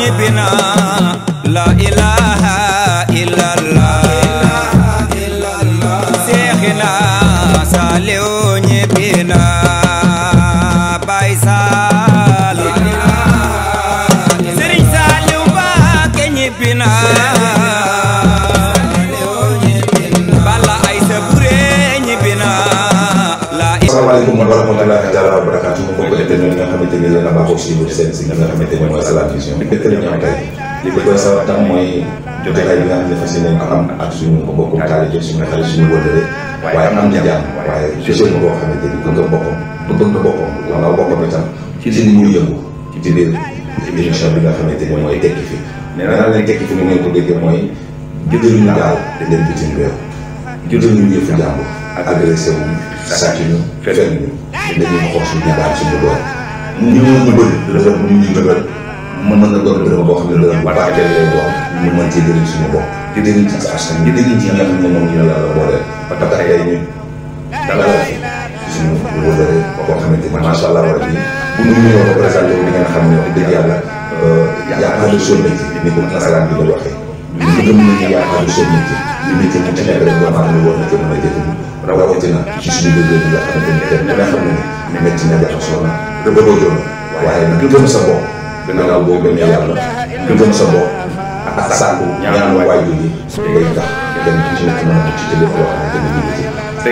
ñibbi na la ilaha seen si nga xamante ni mooy Salam Vision dëkk la ñu am tey li ko koy sabab tax mooy jotaay bi nga xam ne fas yéene ko am ak suñu mbokkum taalibe suñu xarit suñu wëllëre waaye am na jàmm waaye société boo xamante ni bëgg nga boppam bu bëgg nga boppam wala boppam itam ci li muy yëngu ci biir émission bi nga xamante ni mooy tekki fi nee na daal leen tekki fi ni ngeen ko déggee mooy judduñu daal dañ leen bitim réew judduñu yëfu jàmbur agressé wu sàcc ñu fenn ñu dañuy xool suñu baal suñu doole ñu ko bëri dafa am ñu ko bëri man mën na doon dërëm boo xam ne dërëm bu baax lay doon ñu mën cee jëriñ suñu bopp di dëriñ ci askan di dëriñ ci nga xam ne moom ñu ne la la booleel parce que ay ñu dalal suñu wóolare boo xamante ni macha allah war a ji bu ñu ñëwee ba présenté di ngeen xam ne wax dëgg yàlla euh, yaakaar lu sonn ci ni ko nasaraan bi nga waxee ñu gëm nañu yaakaar lu sonn ci li métier mu ci nekk rek doomu aadama war na ci mën a jëriñu rawatina ci suñu liggéey bi nga xamante ni kenn ku ne xam ne ni métti na jaxasoo na rëbëloo joon waaye nag gëm sa bopp gannaaw boo gëmee yàlla gëm sa bopp ak sàkku ñaanu waajur yi day tax kenn ku ci nekk mën a ci jëlee loo xamante ni ñu ngi ci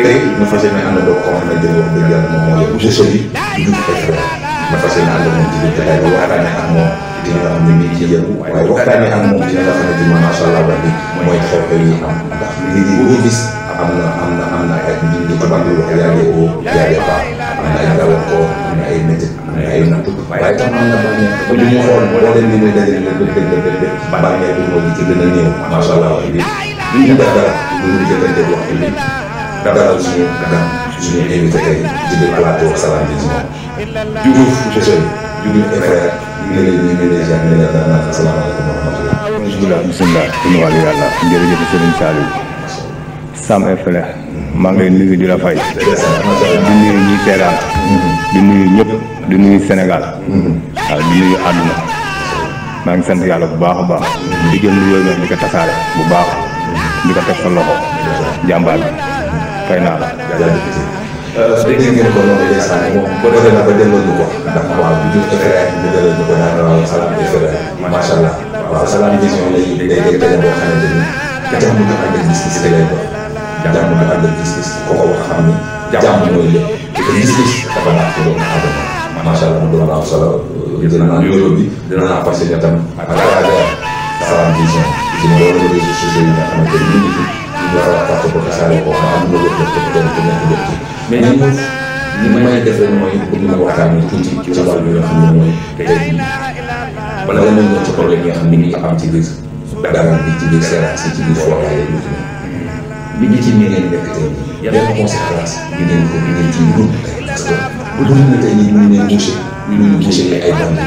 tey ñu fas yéene ànd doo koo xamante ni wax dëgg yàlla moom moo yor monsieur Soli di jub ay frère ma fas yéene ànd moom ci biir jotaay bi waxtaane ak moom dina la xam ne métier la waaye waxtaanee ak moom dina la xam ne bi macha allah rabbi mooy xew-xew yi am ndax nit yi boo gis am na am na am na ay li tubaab di wax yaadee ko yaadee baax am na ay gàllankoor am na ay métti am na ay natt waaye tam am na bànneex bu ñu xool boo leen limee daje leen dëgg dëgg dëgg dëgg bànneex bi moo ci gën a néew macha allah wax bi ñu def dara ñu ngi jëkkante wax bi dalal suñu gan suñu invité tey ci biir plateau Salam Vision Diouf Boucher ñu yàlla jërëjëf Sam et frère maa ngi lay nuyu di la fay. di nuyu ñi seeraan. di nuyu ñëpp di nuyu Sénégal. waaw di nuyu àdduna. maa ngi sant yàlla bu baax a baax. di jël nuyoo ñoom di ko tasaare bu baax. di ko teg sa loxo. jàmbaar bi fay naa la. dégg ngeen ko noonu ndeysaan moom bu defee na ba delloo ñu ko ndax waaw bu jur fexe ñu delloo ñu ko naan waaw salaam di fexe macha allah waaw salaam vision lay day day daje boo xamante ni jàmm nga ànd ak gis-gis da lay doon jàmm nga ànd ak gis-gis ku ko wax xam ni jàmm mooy lépp te gis-gis dafa naax ci doomu aadama macha allah mu doon am solo dina naan yóoyoo bi dina naan fas yéene tam ak rajo salaam vision ci loolu réseaux sociaux yi nga xamante ni ñu ngi fi war a waxtaan ko ba tasaare ko xam am na wër def ko benn ko ñàkk jot ci mais li mu li may def rek mooy pour ñu waxtaanee tuuti ci wàllu yi nga xam ne mooy tey jii bala nga mën ci problème yi nga xam ne ñu am ci biir Dagana bi ci biir Seras si ci biir Foirail yi bi ñu ci ñeneen nekk tey jii benn conséquence bi ngeen ko bi ngeen ci dund tey parce que bu dul ne tey ñu ne ñu ay bandi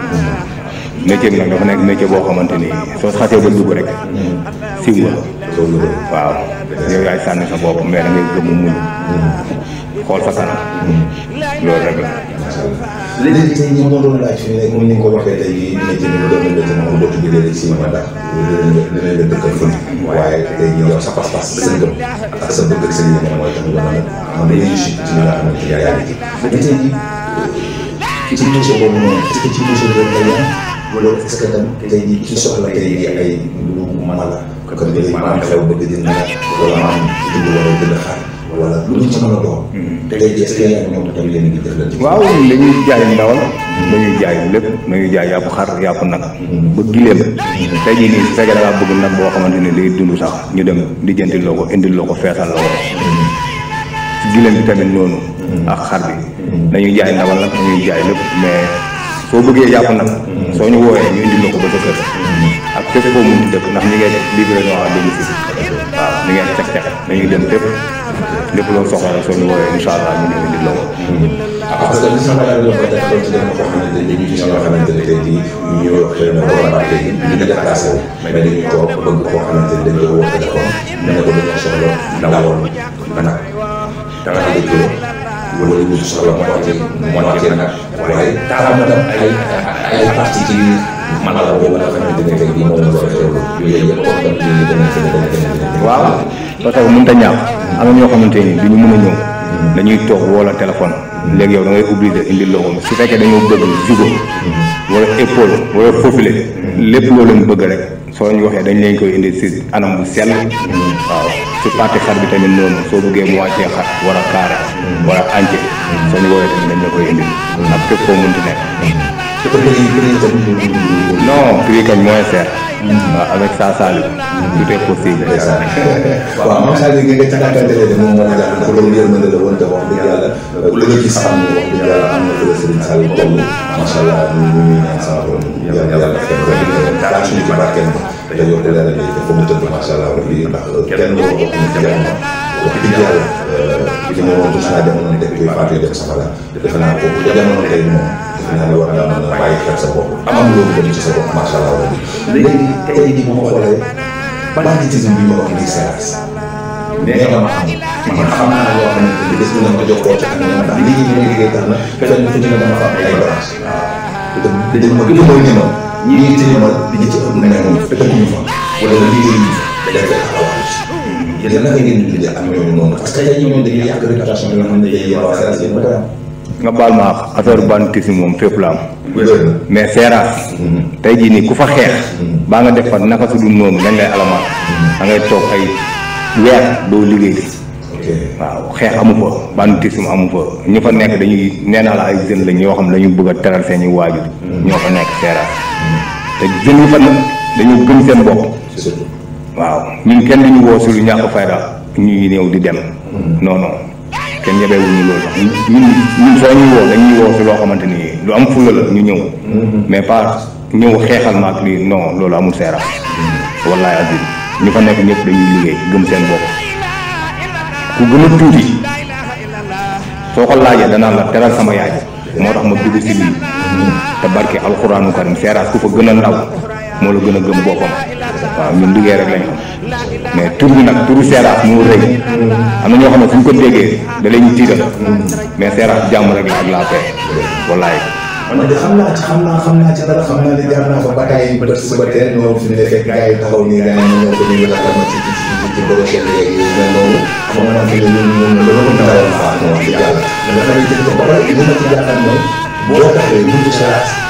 métier bi nag dafa nekk métier boo xamante ni soo xasee ba dugg rek siw nga waaw yow yaay sànni sa bopp mais da ngay gëm muñ xool sa kanam loolu rek la. léegi tey ñu doon laaj fii rek ni nga ko waxee tey jii métier bi doon nañ la ci moom dootu bi léegi si ma daal dinañ la dëkkal fu ne waaye tey jii yow sa pas-pas sa gëm ak sa bëgg ak sa yéene mooy tax ñu mën a mën a yëngu si ci li nga xamante ni yaa yaa ngi ci. ci mesure boobu noonu est-ce que ci mesure a doon. Mm-hmm. tey jii est-ce que yaa ngi ñoom tam leen di jëflante. waaw dañuy jaay ndawal. dañuy jaay lépp dañuy jaay yàpp xar yàpp nag. Mm-hmm. ba gileem. Mm-hmm. tey jii nii fekkee da bëgg nag boo xamante ni day dund sax ñu dem di jënti loo ko indil loo ko feesal la ko. gileem bi tamit noonu. Mm. ak xar bi dañuy mm. jaay ndawal nag dañuy jaay lépp mais soo bëggee yàpp nag mm. soo ñu woowee ñu indil la ko ba sa kër ngee livraison à domicile waaw ñu ngee teg teg dañuy dem fépp lépp loo soxla rek soo ñu woowee ñu ngi indil parce que li sama laaj la ko def loolu ci dem koo xamante ne dañuy gis ñoo xamante ñu ñu ngi déplacé soxla ndawal ba nag wala li ñu soxla moitié a gën a gën a. waaw parce que mënut a ñaaw am na ñoo xamante ni du ñu mën a ñëw hmm. dañuy toog woo la téléphone léegi yow da ngay indi loxo su fekkee dañoo bëgg jugo hmm. wala épaule wala profilé. lépp loolu leen bëgg rek soo ñu waxee dañ leen koy indi si anam bu sell. waaw si parti xar bi tamit noonu soo bëggee mu wàccee xar war a kaare war a ànce soo ñu woowee tamit dañ la koy indi ak fépp koo munti nekk te prix prix tamit non prix kañ moins cher. waaw avec ça Saliou. tout est possible. waaw moom Saliou nga càkkante ne moom moo ma jàpp ko loolu yërmande la woon te wax dëgg yàlla lu nga gis xam ne wax dëgg yàlla am na fële Serigne Saliou toll macha allah ñu ñu ñu ñaan sama borom yàlla yàlla fekk ko daal suñu ci barkeel ma te yokk leeral yi dafa mu tëdd macha allah rabbi ndax kenn loo wax ñu jàmm wax dëgg yàlla euh, li ma wax naa demoon def koy fàtte dem safara defe naa ko bu demoon tey moom defe naa ne war naa mën a bàyyi xel sa bopp am am loolu dem ci sa bopp macha allah rabbi léegi tey jii bu ma xoolee banditisme bi ma wax nii séerase nee nga ma xam man xam naa loo xamante ni gis nga ko jox koo ci ak ñoom ndax liggéey bi ma liggéey tax na feneen fu ci ne dama fa am ay branche te dañ ma gën a mooy ñemal ñii ci ñemal di ci ëpp ne moom fekk ñu fa wala liggéey ñu dañ koy xalaat yéen naka ngeen nga ba koy am. nga baal ma wax affaire banditisme moom fépp la am. mais Seras. Mhm. tey jii nii ku fa xeex. Mhm. baa nga def fa naka su dul noonu dañ lay alamaan. Mhm. da ngay toog ay weer doo liggéey. waaw xeex amu fa banditisme amu fa ñu fa nekk dañuy nee naa la ay jeunes la ñoo xam dañu bëgg a teral seen i waajur. ñoo fa nekk Seras. te jeunes yu fa nag dañu gëm seen bopp. waaw ñun kenn duñu woo si lu ñàkk fayda ñuy néew di dem. Hmm. non kenn ñebewuñu loolu sax ñun soo ñuy woo dañuy woo si loo xamante ni lu am fulla la ñu ñëw. Hmm. mais pas ñëw xeexal maak lii noo loolu amul seera. Hmm. wallaay azim ñu fa nekk ñëpp dañuy liggéey gëm seen bopp ku gën tuuti soo ko laajee danaa la teral sama yaay moo tax ma dugg si lii te barke alxuraanu karim seeraas ku fa gën a ndaw. moo la gën a gëm boppam waaw ñun liggéey rek lañ xam mais tur bi nag turu seeraas moo rëy am na ñoo xam ne fu ñu ko déggee da ñu tiital mais seeraas jàmm rek la ak la paix wallaay man de xam naa ci xam naa xam naa ci dara xam naa ne jaar naa fa bataay ba suba teel ñoom fi mu ne fekk gars yi taxaw nii a teel ne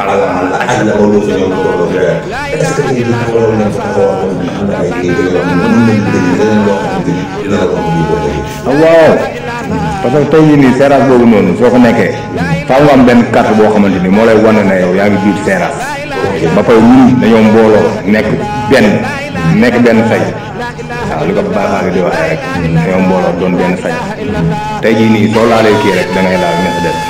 alal alal àgg na que tey waaw parce que tey jii nii seeraas boobu noonu soo ko nekkee faaw nga am benn carte boo xamante ni moo lay wane ne yow yaa ngi biir seeraas ba pare ñun dañoo mbooloo nekk benn nekk benn fay. waaw li ko baaxaale di waxee rek dañoo mbooloo doon benn fay tey jii nii soo laalee kii rek da laal ñax des.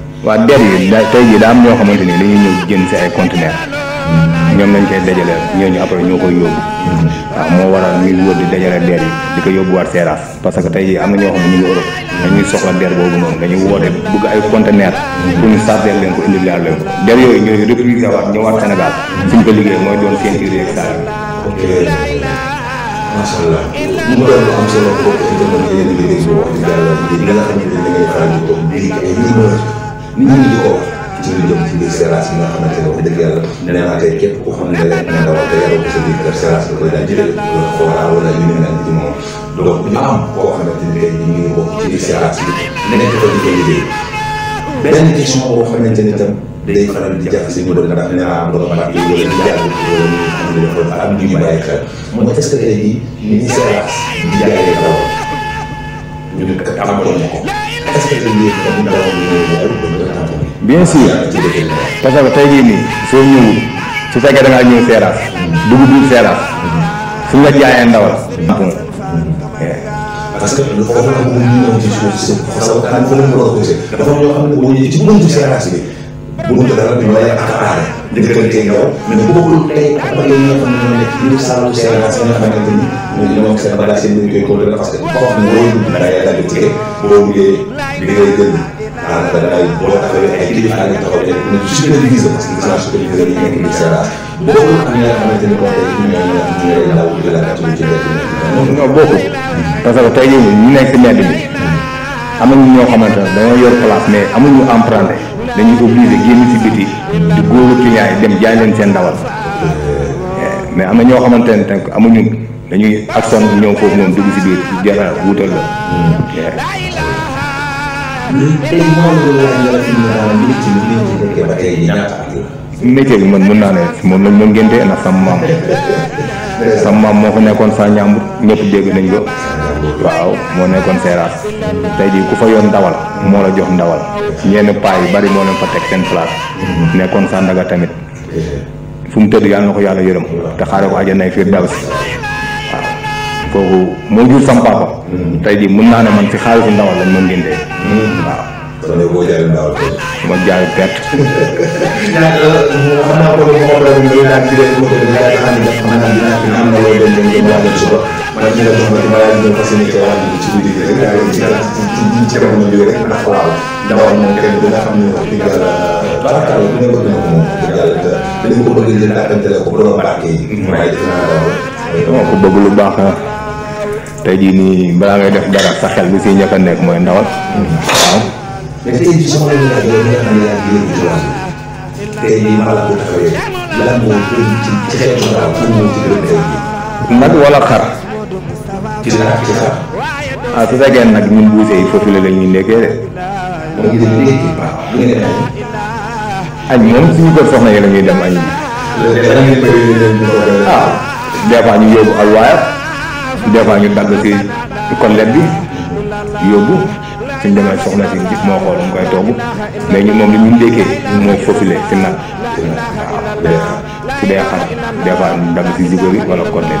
waa der yi da tey jii daa am ñoo xamante ni dañuy ñëw jënd si ay conteneur hmm. ñoom lañ koy dajale ñooñu après ñoo koy yóbbu hmm. waaw moo waral ñuy wër di dajale der yi di ko yóbbuwaat seeraas parce que tey jii am na ñoo xam ne ñu ngi Europe dañuy soxla der boobu noonu dañuy woote bëgg ay conteneur hmm. pour ñu charger leen ko indil leen ko der yooyu ñooñu répliqué waat suñ ko liggéey mooy doon seen urée ak saal nit ñi di ko wax ci lu jëm ci biir séeraas yi nga ne wax dëgg yàlla nee naa tey a yaroo ko sa biir kër séeraas da koy daal jëlee wala xooraa wala ñu ne naan ci moom donc ñu ni tey ñu ngi nekk ko di ko liggéey benn question boo xamante ni tam day faral di jafe si ñu doon ndax nee naa am doon ndax yow wala ñu ni di jaayee am ko est-ce bien sûr parce que tey jii nii soo ñëwul su fekkee da ngaa ñëw que lu dugg di tege boo duggee li ngay gën maanaam ay boo xamee que ñu nekk nekk. tey ñu nekk si mbedd bi am na ñoo xamante ne dañoo yor place mais amuñu emprunté dañuy obligé génn si biti di góobu client yi dem jaay leen seen ndawal mais am na ñoo xamante ne tamit amuñu dañuy ak sonn ñoom foofu noonu dugg si biir jeexal wutal la. tey Maodo laaj nekkee gi man mën naa ne moom lañ ma ngénte ndax sama maam sama maam moo fa nekkoon sa ñaambur ñëpp dégg nañ ko waaw moo nekkoon seeraas tey jii ku fa yoon ndawal moo la jox ndawal ñenn paa yi bari moo leen fa teg seen place nekkoon Sandaga tamit fu mu tëdd yàlla na ko yàlla yërëm te xaare ko àjjana fiir daw si kooku moo jur sama papa. tey jii mun naa ne man si xaalisu ndawal lañ ma dindee. waaw. kon ma jaay perte. xam ma waxoon rek ci des mbokku bi daal naa dinaa fi am na loo dem dem la jox ma ci mayaay bi ñu fas yéene cee wàññi ci guddi gi rek daa leen ma jógee rek ndax waaw ndawal moom kenn bu ne bëgg na ko ko bëgg bëgg lu baax tey jii nii balaa ngay def dara sa xel bi si njëkk a nekk mooy ndawal. waaw. mais tey jii soxla xar. ah su fekkee nag ñun buuse yi foofu la ñuy nekkee de. añ moom suñu kër soxna yi dem añ ah des ñu yóbbu alwaayam. des fois ñu dagg si collet bi yóbbu suñ demee soxna si gis moo xool mu koy togg mais ñu moom li ñu ndékkee ñu moo si nag waaw dee xar des ñu dagg si jigo bi wala bi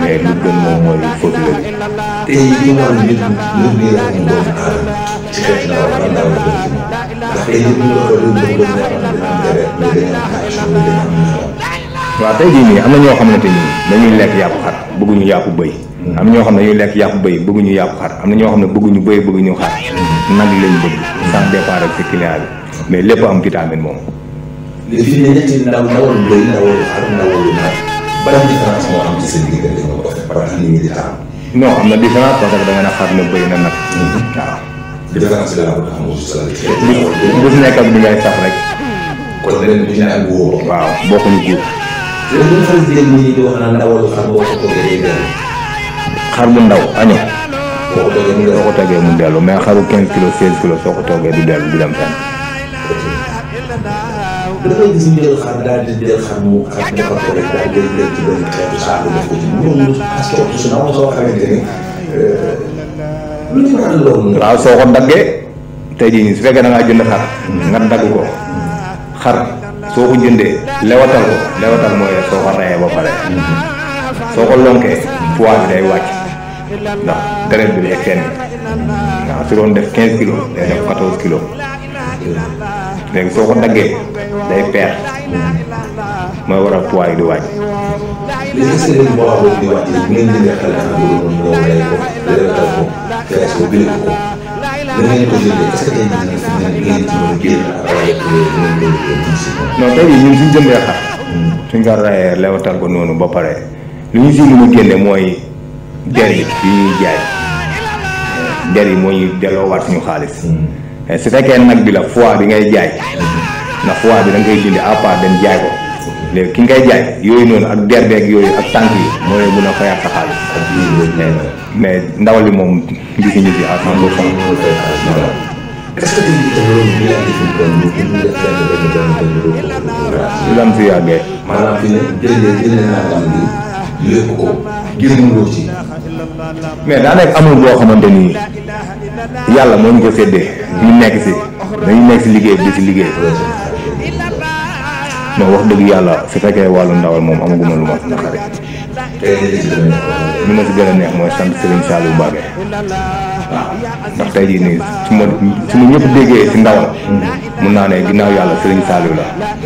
mais lu gën moom mooy faufilé bi. waaw tey jii nii am na ñoo xamante ni dañuy lekk yàpp xar bëgguñu yàpp bëy am na ñoo xam ne dañuy lekk yàpp bëy bëgguñu yàpp am na xam ne bëgguñu bëy bëgguñu xar nag lañ bëgg sans départ ak si client mais lépp am ko parce que nit ñi di taam non am na différence parce que da nga ne xar na bëy na nag waaw différence bi laa bëgg xam bu nekk ak yow xar bu ndaw año boo ko toggee soo ko toggee mu dellu mais xaru 15 kilos 16 kilos soo ko toggee du dellu du dem fenn. ci benn xeetu saako def euh, waaw soo ko daggee tey jii su fekkee da jënd xar. nga dagg ko hmm. xar. soo ko jëndee lewatal ko lewatal mooy soo ko rayee ba pare soo ko lonkee poids bi day wàcc ndax deret bi day fenn waaw su doon def quinze kilos def quatorze kilos léegi soo ko daggee day perte mooy waral poids yi di wàcc. da ngeen ko jëlee est-ce suñ ko rayee lewatal ko noonu ba pare li ñu si mën génne mooy der yi jaay der yi moo ñu delloowaat suñu xaalis. su fekkee nag bi la foie bi ngay jaay. na foie bi da ngay dindi à part dem jaay ko. léegi ki ngay jaay yooyu noonu ak der yooyu ak tànk yi mooy lay mën a fayaat sa xaalis ak mais ndawal li moom gisuñu si à cent pour cent est-ce ko génnuloo mais daa nekk amul boo xamante nii yàlla moo ñu ko séddee ñu nekk si dañu nekk si liggéey bi di si liggéey non wax dëgg yàlla su fekkee wàllu ndawal moom amaguma lu ma fi ma si gën a neex mooy sant Serigne Saliou Mbacké waaw ndax tey jii nii su ma su ma ñëpp déggee si ndawal mun naa ne ginnaaw yàlla Serigne Saliou la waaw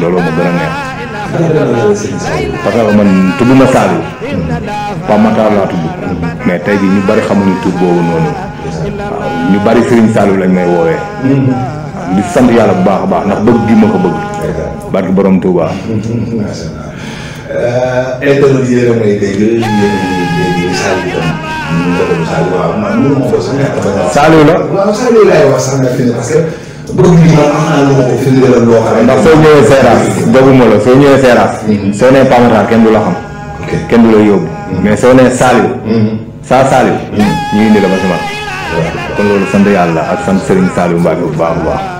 loolu ma gën a neex parce que man tudd na Saliou Pape Matar laa tudd mais tey jii ñu bari xamuñu tur boobu noonu waaw ñu bari Serigne Saliou lañ may woowee di sant yàlla bu baax a baax ndax bëgg gi ma ko bëgg barke borom Touba. Euh, macha allah la nga que. bëgg bi man am naa lu soo ñëwee Seras doguma la soo ñëwee Seras. Hmm. soo nee kenn du la xam. kenn du la yóbbu. Hmm. mais soo nee saa Saliou. Hmm. ñu indi la ba si man. kon loolu sant ak sant Serigne Saliou Mbacke baax baax.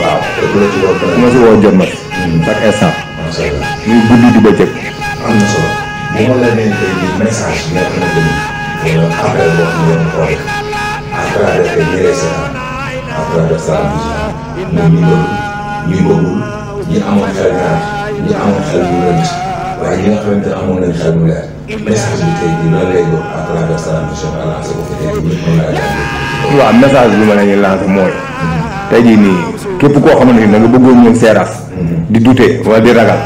waaw hmm. bu ma bu ma ne ñi lay mooy. Hmm. tey képp koo xamante ni da nga bëggoon ñëw seeraas di dute wala di ragal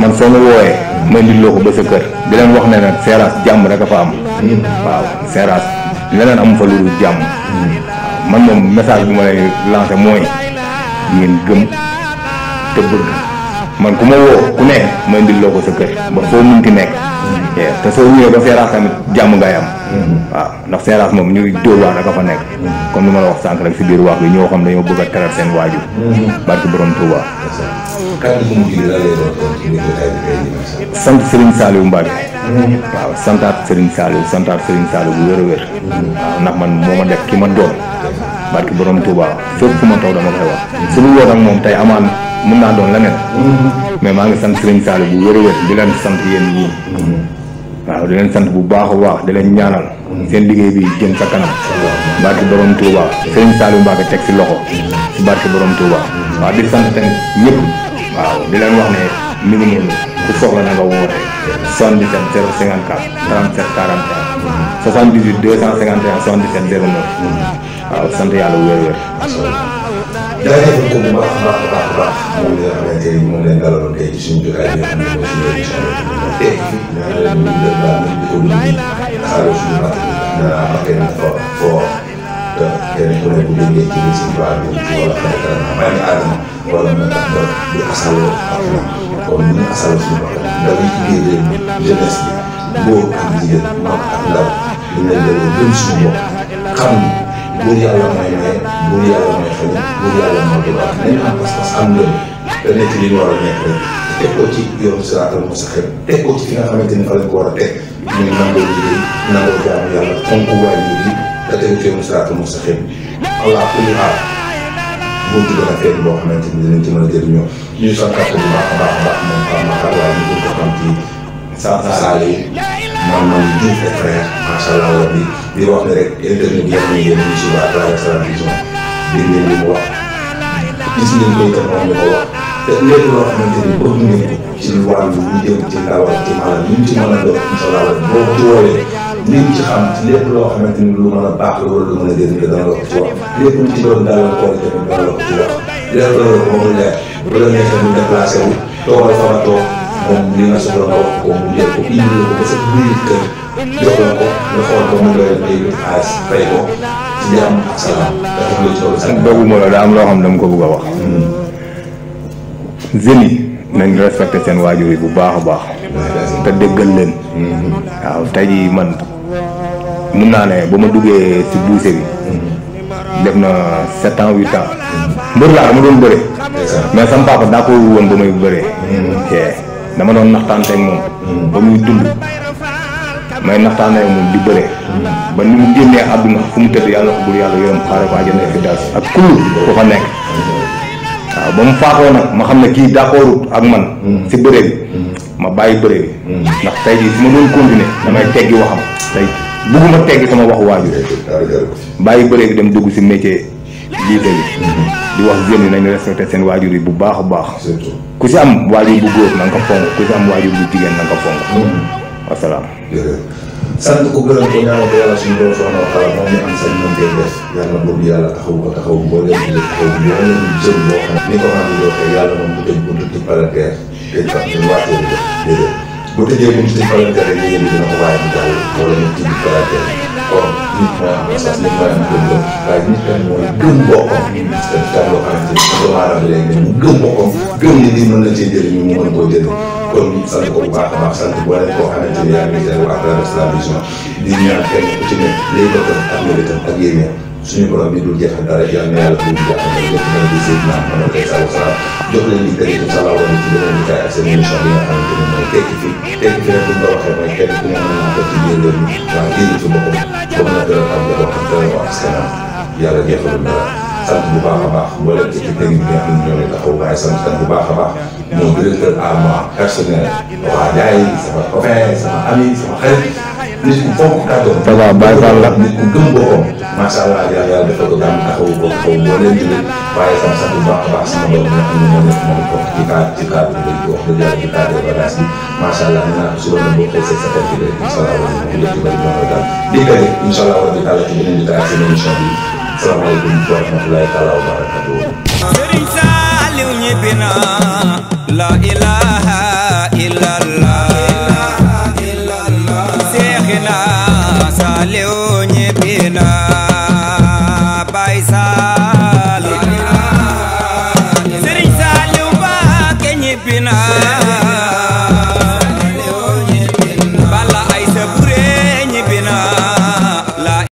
man soo ma wooyee ma indil ko ba sa kër di leen wax ne nag seeraas jàmm rek a fa am waaw seeraas leneen amu fa lu jàmm man moom message bi ma lay lancé mooy ngeen gëm te bëgg man ku ma woo ku ne ma indil loo ko sa kër ba foo munti nekk Eh, te soo ñëwee ba Feeraas tamit jàmm ngay am. waaw ndax Feeraas moom ñuy dóor waax da ka fa nekk. comme lu ma la wax sànq rek si biir wax bi ñoo xam dañoo bëgg a teral seen waajur. barki borom Touba. sant Serigne Saliou Mbacke. waaw santaat Serigne Saliou santaat Serigne Saliou bu wér a wér. waaw ndax man moo ma def ki ma doon. barki borom Touba fépp fu ma taw dama koy wax. suñu woon ak moom tey amaan mën naa doon leneen. Mm-hmm. mais maa ngi sant Serigne Saliou bu wér wér di la sant yéen ñii. waaw di leen sant bu baax a baax di leen ñaanal seen liggéey bi jëm sa kanam barke borom seen Serigne baax Mbacké teg si loxo si barke borom Touba waaw di sant tamit ñëpp waaw di leen wax ne mi ngi noonu ku soxla na nga woote 77 054 37 41 78 251 77 09 waaw sant yàlla wér-wér jaajëfal ko bu baax a baax a baax a baax moom li nga xamante ni moom leen dalaloon tey ci suñu jotaay bi nga xam ne mooy suñu émission bi nga teg ñaanal ñu def daal nañ di ko dund xaaral suñu bàtt bi nee naa bàttee na fa fort te kenn ku ne bu déggee ci biir suñu baax bi ci wala xale dara na bàyyi aadama wala mu tax ba di asaloo ak ñoom kon ñu ngi asaloo suñu baax da ngay tuddee jeunesse bi góor ak jigéen mag ak ndaw dinañ leen gën suñu bopp xam buur yàlla may may buur yàlla may xëy buur yàlla moo di baax nañ am pas-pas am ngëm te nekk li ñu war a nekk rek teg ko ci yoonu siraatal mustaqim teg ko ci fi nga xamante ni fa lañ ko war a teg muy nangoo liggéey nangoo jaamu yàlla fonk waay yi te tegu ci yoonu siraatal mustaqim allah kulli aar buur ci gën a feeñ boo xamante ni dinañ ci mën a jëriñoo ñuy santaat bu baax a baax a baax moom Pape Makhtar waaye ñu gën ko xam ci Sall Sall yi maanaam Diouf et frère macha allah rabbi di wax ne rek internet bi yàlla yéen ñu suivre à travers Salam Vision dégg ngeen li mu wax gis ngeen koy tam moom li ko wax te lépp loo xamante ni bëgg ngeen ko ci wàllu ñu jëm ci ndawal ci maanaam ñu ci mën a doon incha allah boo ko ci woowee liñ ci xam ci lépp loo xamante ni lu mën a baax la wala lu mën a jëriñ la dana la ko ci wax lépp lu ci doon dalal koor tamit dana la ko ci wax lépp loolu moom la leer bu la neexee mu déplacé wu toogal fa nga toog moom li nga soxla nga wax ko mu jël ko ko sa am loo xam ne dama ko bëgg a wax hmm. jeunes yi nañ respecté seen waajur yi bu baax a baax te déggal leen hmm. waaw tey jii man mun naa ne ba ma duggee si buuse bi def na sept ans huit ans hmm. mbër laa dama doon bëre mais sama papa daa ko woon ba may bëree dama doon naxtaanteeg moom. Hmm. ba muy dund. may naxtaanee moom di bëre. Hmm. ba ni mu génnee àdduna fu mu tëdd yàlla na ko bul yàlla yërëm xaare ko ak kullu ku fa nekk. Hmm. nag ma xam ne kii d'accordut ak man. si bëre bi. ma bàyyi bëre bi. ndax tey jii su ma doon continuer damay teggi waxam. tey bugguma teggi sama waxu waajur. bàyyi bëre bi dem dugg si métier. lii tey di wax jeunes yi nañu respecté seen waajur yi bu baax a baax. ku si am waajur bu góor na fonk ku si am waajur bu jigéen na nga ko fonk. sant ko gërëm ko ñaanal ko yàlla suñu doon soxna waxtaan yàlla boobu ko taxawu boo leen di taxawu bi yoo xam ne ñu jëm boo xam ni ko xam moom bu tëj bu mu jàll wala borom nit mooy am sax nit mooy nit tamit mooy gëm boppam daf tax loo xamante ni doomu aadama léegi mu gëm boppam gëm ni lii mën na cee jëriñu mu mën koo jëriñ kon sant ko bu baax a baax sant boole koo xamante ni yaa ngi teew à travers la vision di ñaan kenn ku ci ne lay bëgg ak mébétam ak yéeneem suñu borom bi dul jeexal dara yal na yàlla dul jeexal ñoom ñëpp ñoom di Seydina Mohamed Aïssa Oussala jox leen liñ tëjee incha allah wane ci beneen bi kaay ak seen émission bi nga xamante ne mooy tekki fi tekki fi nag bu ñu ko waxee mooy kenn ku ne mën naa ko ci biir réew mi waaw génn ci boppam ba mën a gën a am boppam ak gën a wax askanam yàlla jeexalul dara sant bu baax a baax mboolem ci technique bi nga xam ne ñoo leen taxaw waaye sant sant bu baax a baax mon directeur à moi personnel waa jaay sama copain sama ami sama xarit nit ku fonk kàddoom. Fapal bàyyi Fall la nit ku gëm boppam. macha allah yàlla yàlla defal ko daan taxawu ko xaw ma leen jëlee waaye sama sant bu baax a baax sama doom nga xam ne moom la fi moom bokk ci kaar ci kaar bi nga wax dëgg yàlla ci kaar des bagages bi macha allah nee naa ko suba nag boo xëy sa sa ci rek incha allah wala mu yëg ci bëri noonu daal. lii kat it incha allah wala bi tàlla ci beneen bi tàlla seen émission bi salaamaaleykum wa rahmatulahi taala wa barakatuh. Serigne Saliou ñibbi na la ilaha illa